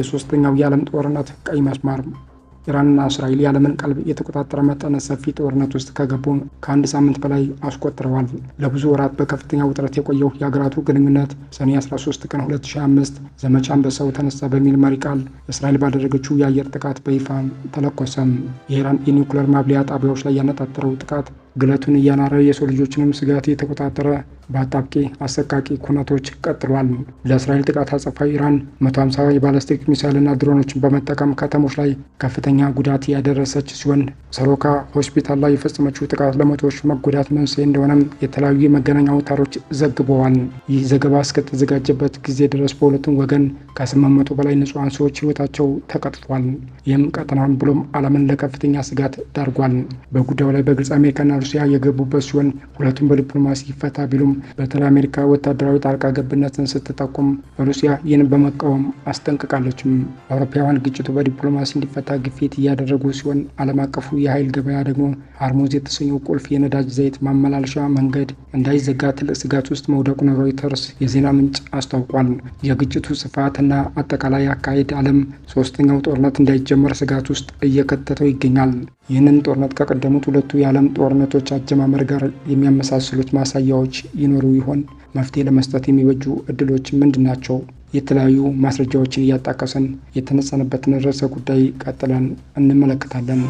የሶስተኛው የዓለም ጦርነት ቀይ መስመር ኢራንና እስራኤል የዓለምን ቀልብ የተቆጣጠረ መጠነ ሰፊ ጦርነት ውስጥ ከገቡ ከአንድ ሳምንት በላይ አስቆጥረዋል። ለብዙ ወራት በከፍተኛ ውጥረት የቆየው የሀገራቱ ግንኙነት ሰኔ 13 ቀን 2005 ዘመቻን በሰው ተነሳ በሚል መሪ ቃል እስራኤል ባደረገችው የአየር ጥቃት በይፋ ተለኮሰም። የኢራን የኒውክለር ማብሊያ ጣቢያዎች ላይ ያነጣጠረው ጥቃት ግለቱን እያናረ የሰው ልጆችንም ስጋት የተቆጣጠረ በአጣብቂ አሰቃቂ ኩነቶች ቀጥሏል። ለእስራኤል ጥቃት አጸፋ ኢራን 150 የባለስቲክ ሚሳይልና ድሮኖችን በመጠቀም ከተሞች ላይ ከፍተኛ ጉዳት ያደረሰች ሲሆን ሰሮካ ሆስፒታል ላይ የፈጸመችው ጥቃት ለመቶዎች መጎዳት መንስኤ እንደሆነም የተለያዩ የመገናኛ አውታሮች ዘግበዋል። ይህ ዘገባ እስከተዘጋጀበት ጊዜ ድረስ በሁለቱም ወገን ከ800 በላይ ንጹሐን ሰዎች ህይወታቸው ተቀጥፏል። ይህም ቀጠናውን ብሎም ዓለምን ለከፍተኛ ስጋት ዳርጓል። በጉዳዩ ላይ በግልጽ አሜሪካና ሩሲያ የገቡበት ሲሆን ሁለቱም በዲፕሎማሲ ይፈታ ቢሉም በተለይ አሜሪካ ወታደራዊ ጣልቃ ገብነትን ስትጠቁም ሩሲያ ይህን በመቃወም አስጠንቅቃለችም። አውሮፓውያን ግጭቱ በዲፕሎማሲ እንዲፈታ ግፊት እያደረጉ ሲሆን ዓለም አቀፉ የኃይል ገበያ ደግሞ ሆርሙዝ የተሰኘው ቁልፍ የነዳጅ ዘይት ማመላለሻ መንገድ እንዳይዘጋ ትልቅ ስጋት ውስጥ መውደቁን ሮይተርስ የዜና ምንጭ አስታውቋል። የግጭቱ እና አጠቃላይ አካሄድ ዓለም ሶስተኛው ጦርነት እንዳይጀመር ስጋት ውስጥ እየከተተው ይገኛል። ይህንን ጦርነት ከቀደሙት ሁለቱ የዓለም ጦርነቶች አጀማመር ጋር የሚያመሳስሉት ማሳያዎች ይኖሩ ይሆን? መፍትሄ ለመስጠት የሚበጁ እድሎች ምንድን ናቸው? የተለያዩ ማስረጃዎችን እያጣቀስን የተነጸነበትን ርዕሰ ጉዳይ ቀጥለን እንመለከታለን።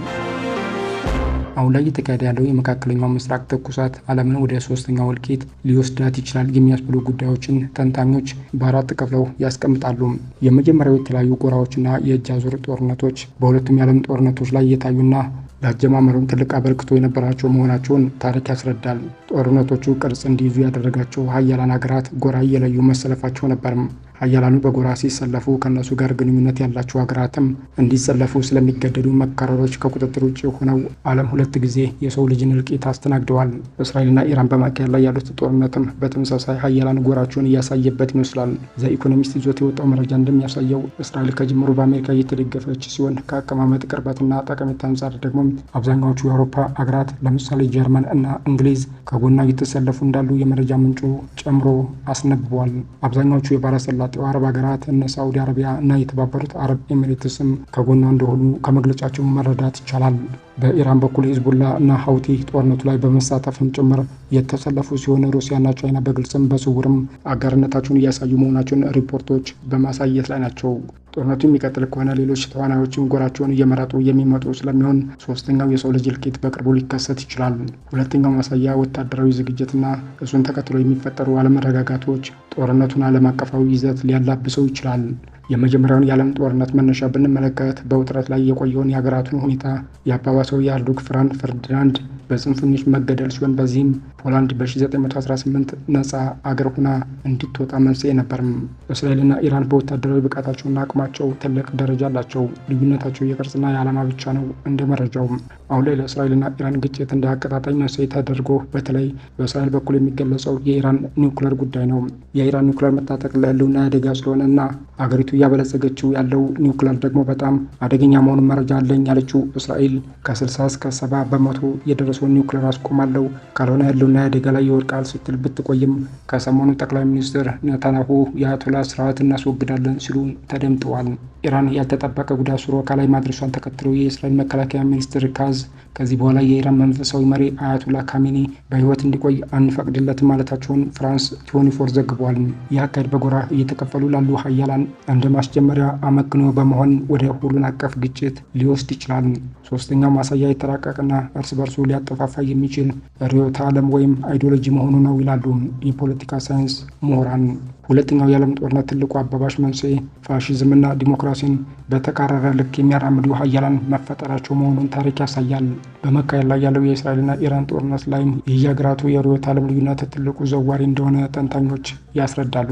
አሁን ላይ እየተካሄደ ያለው የመካከለኛው ምስራቅ ትኩሳት ዓለምን ወደ ሶስተኛ እልቂት ሊወስዳት ይችላል የሚያስብሉ ጉዳዮችን ተንታኞች በአራት ከፍለው ያስቀምጣሉ። የመጀመሪያው የተለያዩ ጎራዎችና የእጅ አዙር ጦርነቶች በሁለቱም የዓለም ጦርነቶች ላይ እየታዩና ለአጀማመሩም ትልቅ አበርክቶ የነበራቸው መሆናቸውን ታሪክ ያስረዳል። ጦርነቶቹ ቅርጽ እንዲይዙ ያደረጋቸው ሀያላን ሀገራት ጎራ እየለዩ መሰለፋቸው ነበርም። ሀያላኑ በጎራ ሲሰለፉ ከእነሱ ጋር ግንኙነት ያላቸው ሀገራትም እንዲሰለፉ ስለሚገደዱ መካረሮች ከቁጥጥር ውጭ ሆነው ዓለም ሁለት ጊዜ የሰው ልጅን እልቂት አስተናግደዋል። እስራኤልና ኢራን በማካሄድ ላይ ያሉት ጦርነትም በተመሳሳይ ሀያላን ጎራቸውን እያሳየበት ይመስላል። ዘኢኮኖሚስት ይዞት የወጣው መረጃ እንደሚያሳየው እስራኤል ከጅምሩ በአሜሪካ እየተደገፈች ሲሆን ከአቀማመጥ ቅርበትና ጠቀሜታ አንጻር ደግሞ አብዛኛዎቹ የአውሮፓ ሀገራት ለምሳሌ ጀርመን እና እንግሊዝ ከጎና እየተሰለፉ እንዳሉ የመረጃ ምንጩ ጨምሮ አስነብቧል። አብዛኛዎቹ የባለሰላጤው አረብ ሀገራት እነ ሳዑዲ አረቢያ እና የተባበሩት አረብ ኤሚሬትስም ከጎና እንደሆኑ ከመግለጫቸው መረዳት ይቻላል። በኢራን በኩል ሂዝቡላ እና ሀውቲ ጦርነቱ ላይ በመሳተፍም ጭምር የተሰለፉ ሲሆን ሩሲያና ቻይና በግልጽም በስውርም አጋርነታቸውን እያሳዩ መሆናቸውን ሪፖርቶች በማሳየት ላይ ናቸው። ጦርነቱ የሚቀጥል ከሆነ ሌሎች ተዋናዮችም ጎራቸውን እየመረጡ የሚመጡ ስለሚሆን ሶስተኛው የሰው ልጅ እልቂት በቅርቡ ሊከሰት ይችላል። ሁለተኛው ማሳያ ወታደራዊ ዝግጅትና እሱን ተከትሎ የሚፈጠሩ አለመረጋጋቶች ጦርነቱን ዓለም አቀፋዊ ይዘት ሊያላብሰው ይችላል። የመጀመሪያውን የዓለም ጦርነት መነሻ ብንመለከት በውጥረት ላይ የቆየውን የሀገራቱን ሁኔታ የአባባሰው የአልዱክ ፍራን ፈርዲናንድ በጽንፈኞች መገደል ሲሆን በዚህም ፖላንድ በ1918 ነጻ አገር ሆና እንድትወጣ መንስኤ ነበርም። እስራኤልና ኢራን በወታደራዊ ብቃታቸውና አቅማቸው ትልቅ ደረጃ አላቸው። ልዩነታቸው የቅርጽና የዓላማ ብቻ ነው። እንደ መረጃው አሁን ላይ ለእስራኤልና ኢራን ግጭት እንደ አቀጣጣኝ መንስኤ ተደርጎ በተለይ በእስራኤል በኩል የሚገለጸው የኢራን ኒውክለር ጉዳይ ነው። የኢራን ኒውክለር መታጠቅ ለህልውና አደጋ ስለሆነ እና አገሪቱ እያበለጸገችው ያለው ኒውክለር ደግሞ በጣም አደገኛ መሆኑን መረጃ አለኝ ያለችው እስራኤል ከ60 እስከ 70 በመቶ የደረሰውን ኒውክለር አስቆማለሁ ካልሆነ ህልውና አደጋ ላይ ይወድቃል ስትል ብትቆይም ከሰሞኑ ጠቅላይ ሚኒስትር ነታናሁ የአያቶላ ስርዓት እናስወግዳለን ሲሉ ተደምጠዋል። ኢራን ያልተጠበቀ ጉዳት ሱሮካ ከላይ ማድረሷን ተከትሎ የእስራኤል መከላከያ ሚኒስትር ካዝ ከዚህ በኋላ የኢራን መንፈሳዊ መሪ አያቶላ ካሚኒ በህይወት እንዲቆይ አንፈቅድለት ማለታቸውን ፍራንስ ቲዮኒፎር ፎር ዘግቧል። ይህ አካሄድ በጎራ እየተከፈሉ ላሉ ሀያላን እንደ ማስጀመሪያ አመክንዮ በመሆን ወደ ሁሉን አቀፍ ግጭት ሊወስድ ይችላል። ሶስተኛው ማሳያ የተራቀቀና እርስ በርሱ ሊያጠፋፋ የሚችል ርዕዮተ ዓለም ወይም አይዲዮሎጂ መሆኑ ነው ይላሉ የፖለቲካ ሳይንስ ምሁራን። ሁለተኛው የዓለም ጦርነት ትልቁ አባባሽ መንስኤ ፋሽዝምና ዲሞክራሲን በተቃረረ ልክ የሚያራምዱ ሀያላን መፈጠራቸው መሆኑን ታሪክ ያሳያል። በመካሄድ ላይ ያለው የእስራኤልና ኢራን ጦርነት ላይም የየሀገራቱ የርዕዮተ ዓለም ልዩነት ትልቁ ዘዋሪ እንደሆነ ተንታኞች ያስረዳሉ።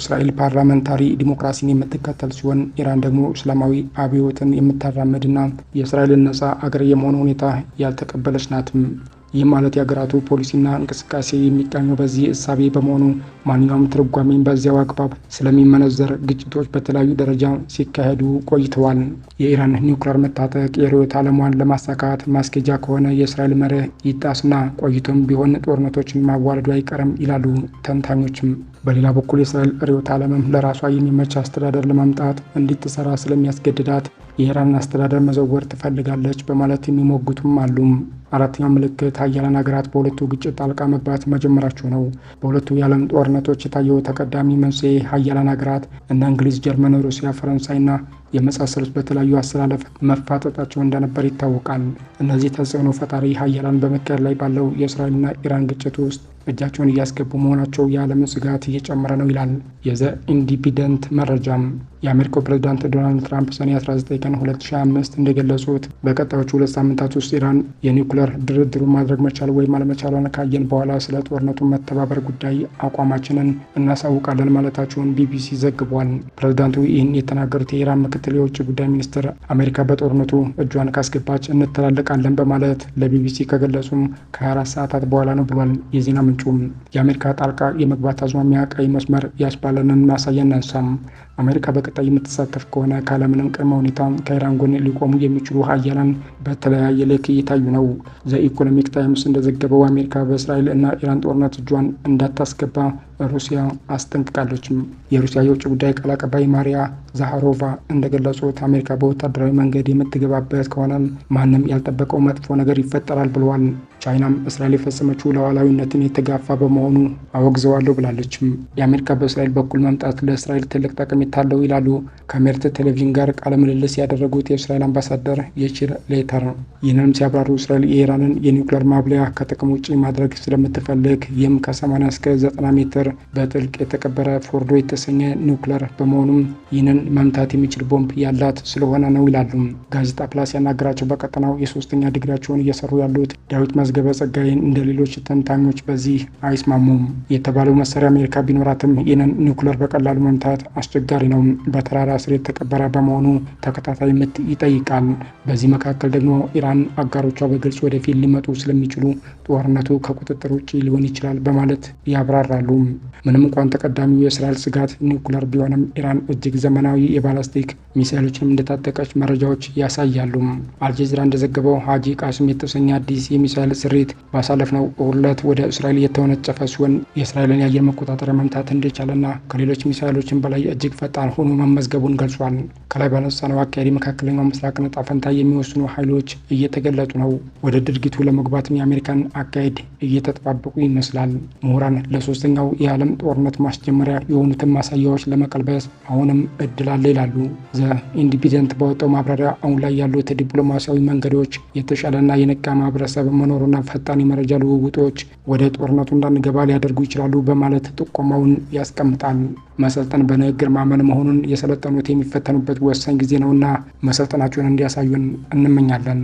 እስራኤል ፓርላመንታሪ ዲሞክራሲን የምትከተል ሲሆን ኢራን ደግሞ እስላማዊ አብዮትን የምታራምድና የእስራኤልን ነጻ አገር የመሆን ሁኔታ ያልተቀበለች ናትም። ይህ ማለት የሀገራቱ ፖሊሲና እንቅስቃሴ የሚቃኘው በዚህ እሳቤ በመሆኑ ማንኛውም ትርጓሜን በዚያው አግባብ ስለሚመነዘር ግጭቶች በተለያዩ ደረጃ ሲካሄዱ ቆይተዋል። የኢራን ኒውክሌር መታጠቅ የርዕዮተ ዓለሟን ለማሳካት ማስኬጃ ከሆነ የእስራኤል መርህ ይጣስና ቆይቶም ቢሆን ጦርነቶችን ማዋለዱ አይቀርም ይላሉ ተንታኞችም። በሌላ በኩል የእስራኤል ርዕዮተ ዓለምም ለራሷ የሚመች አስተዳደር ለማምጣት እንድትሰራ ስለሚያስገድዳት የኢራንን አስተዳደር መዘወር ትፈልጋለች በማለት የሚሞግቱም አሉ። አራተኛው ምልክት ሀያላን ሀገራት በሁለቱ ግጭት ጣልቃ መግባት መጀመራቸው ነው። በሁለቱ የዓለም ጦርነቶች የታየው ተቀዳሚ መንስኤ ሀያላን ሀገራት እንደ እንግሊዝ፣ ጀርመን፣ ሩሲያ፣ ፈረንሳይና የመሳሰሉት በተለያዩ አሰላለፍ መፋጠጣቸው እንደነበር ይታወቃል። እነዚህ ተጽዕኖ ፈጣሪ ሀያላን በመካሄድ ላይ ባለው የእስራኤልና ኢራን ግጭት ውስጥ እጃቸውን እያስገቡ መሆናቸው የዓለምን ስጋት እየጨመረ ነው ይላል የዘ ኢንዲፒደንት መረጃም የአሜሪካው ፕሬዚዳንት ዶናልድ ትራምፕ ሰኔ 19 ቀን 2025 እንደገለጹት በቀጣዮቹ ሁለት ሳምንታት ውስጥ ኢራን የኒውክለር ድርድሩን ማድረግ መቻል ወይም አለመቻሏን ካየን በኋላ ስለ ጦርነቱ መተባበር ጉዳይ አቋማችንን እናሳውቃለን ማለታቸውን ቢቢሲ ዘግቧል። ፕሬዚዳንቱ ይህን የተናገሩት የኢራን ምክትል የውጭ ጉዳይ ሚኒስትር አሜሪካ በጦርነቱ እጇን ካስገባች እንተላለቃለን በማለት ለቢቢሲ ከገለጹም ከ24 ሰዓታት በኋላ ነው ብሏል የዜና ምንጩም። የአሜሪካ ጣልቃ የመግባት አዝማሚያ ቀይ መስመር ያስባለንን ማሳያ እናንሳም። አሜሪካ በቀጣይ የምትሳተፍ ከሆነ ካለምንም ቅድመ ሁኔታ ከኢራን ጎን ሊቆሙ የሚችሉ ሀያላን በተለያየ ልክ እየታዩ ነው። ዘኢኮኖሚክ ታይምስ እንደዘገበው አሜሪካ በእስራኤል እና ኢራን ጦርነት እጇን እንዳታስገባ ሩሲያ አስጠንቅቃለችም። የሩሲያ የውጭ ጉዳይ ቃል አቀባይ ማሪያ ዛሃሮቫ እንደገለጹት አሜሪካ በወታደራዊ መንገድ የምትገባበት ከሆነም ማንም ያልጠበቀው መጥፎ ነገር ይፈጠራል ብለዋል። ቻይናም እስራኤል የፈጸመችው ሉዓላዊነትን የተጋፋ በመሆኑ አወግዘዋለሁ ብላለችም። የአሜሪካ በእስራኤል በኩል መምጣት ለእስራኤል ትልቅ ጠቀሜታ አለው ይላሉ ከሜርት ቴሌቪዥን ጋር ቃለ ምልልስ ያደረጉት የእስራኤል አምባሳደር የቺር ሌተር። ይህንንም ሲያብራሩ እስራኤል የኢራንን የኒውክሌር ማብለያ ከጥቅም ውጭ ማድረግ ስለምትፈልግ ይህም ከ80 እስከ 90 ሜትር ኒውክለር በጥልቅ የተቀበረ ፎርዶ የተሰኘ ኒውክለር በመሆኑም ይህንን መምታት የሚችል ቦምብ ያላት ስለሆነ ነው ይላሉ። ጋዜጣ ፕላስ ያናገራቸው በቀጠናው የሶስተኛ ዲግሪያቸውን እየሰሩ ያሉት ዳዊት መዝገበ ጸጋይን እንደ ሌሎች ተንታኞች በዚህ አይስማሙም። የተባለው መሳሪያ አሜሪካ ቢኖራትም ይህንን ኒውክለር በቀላሉ መምታት አስቸጋሪ ነው። በተራራ ስር የተቀበረ በመሆኑ ተከታታይ ምት ይጠይቃል። በዚህ መካከል ደግሞ ኢራን አጋሮቿ በግልጽ ወደፊት ሊመጡ ስለሚችሉ ጦርነቱ ከቁጥጥር ውጭ ሊሆን ይችላል በማለት ያብራራሉ። ምንም እንኳን ተቀዳሚው የእስራኤል ስጋት ኒውክለር ቢሆንም ኢራን እጅግ ዘመናዊ የባላስቲክ ሚሳኤሎችንም እንደታጠቀች መረጃዎች ያሳያሉ። አልጀዚራ እንደዘገበው ሀጂ ቃስም የተሰኘ አዲስ የሚሳኤል ስሪት ባሳለፍነው ዕለት ወደ እስራኤል የተወነጨፈ ሲሆን የእስራኤልን የአየር መቆጣጠሪያ መምታት እንደቻለና ከሌሎች ሚሳኤሎችን በላይ እጅግ ፈጣን ሆኖ መመዝገቡን ገልጿል። ከላይ ባነሳነው አካሄድ መካከለኛው ምስራቅ ዕጣ ፈንታ የሚወስኑ ኃይሎች እየተገለጡ ነው። ወደ ድርጊቱ ለመግባትም የአሜሪካን አካሄድ እየተጠባበቁ ይመስላል። ምሁራን ለሶስተኛው የዓለም ጦርነት ማስጀመሪያ የሆኑትን ማሳያዎች ለመቀልበስ አሁንም እድል አለ ይላሉ። ኢንዲፔንደንት ባወጣው ማብራሪያ አሁን ላይ ያሉት ዲፕሎማሲያዊ መንገዶች የተሻለና የነቃ ማህበረሰብ መኖሩና ፈጣን የመረጃ ልውውጦች ወደ ጦርነቱ እንዳንገባ ሊያደርጉ ይችላሉ በማለት ጥቆማውን ያስቀምጣል። መሰልጠን በንግግር ማመን መሆኑን የሰለጠኑት የሚፈተኑበት ወሳኝ ጊዜ ነውና መሰልጠናቸውን እንዲያሳዩን እንመኛለን።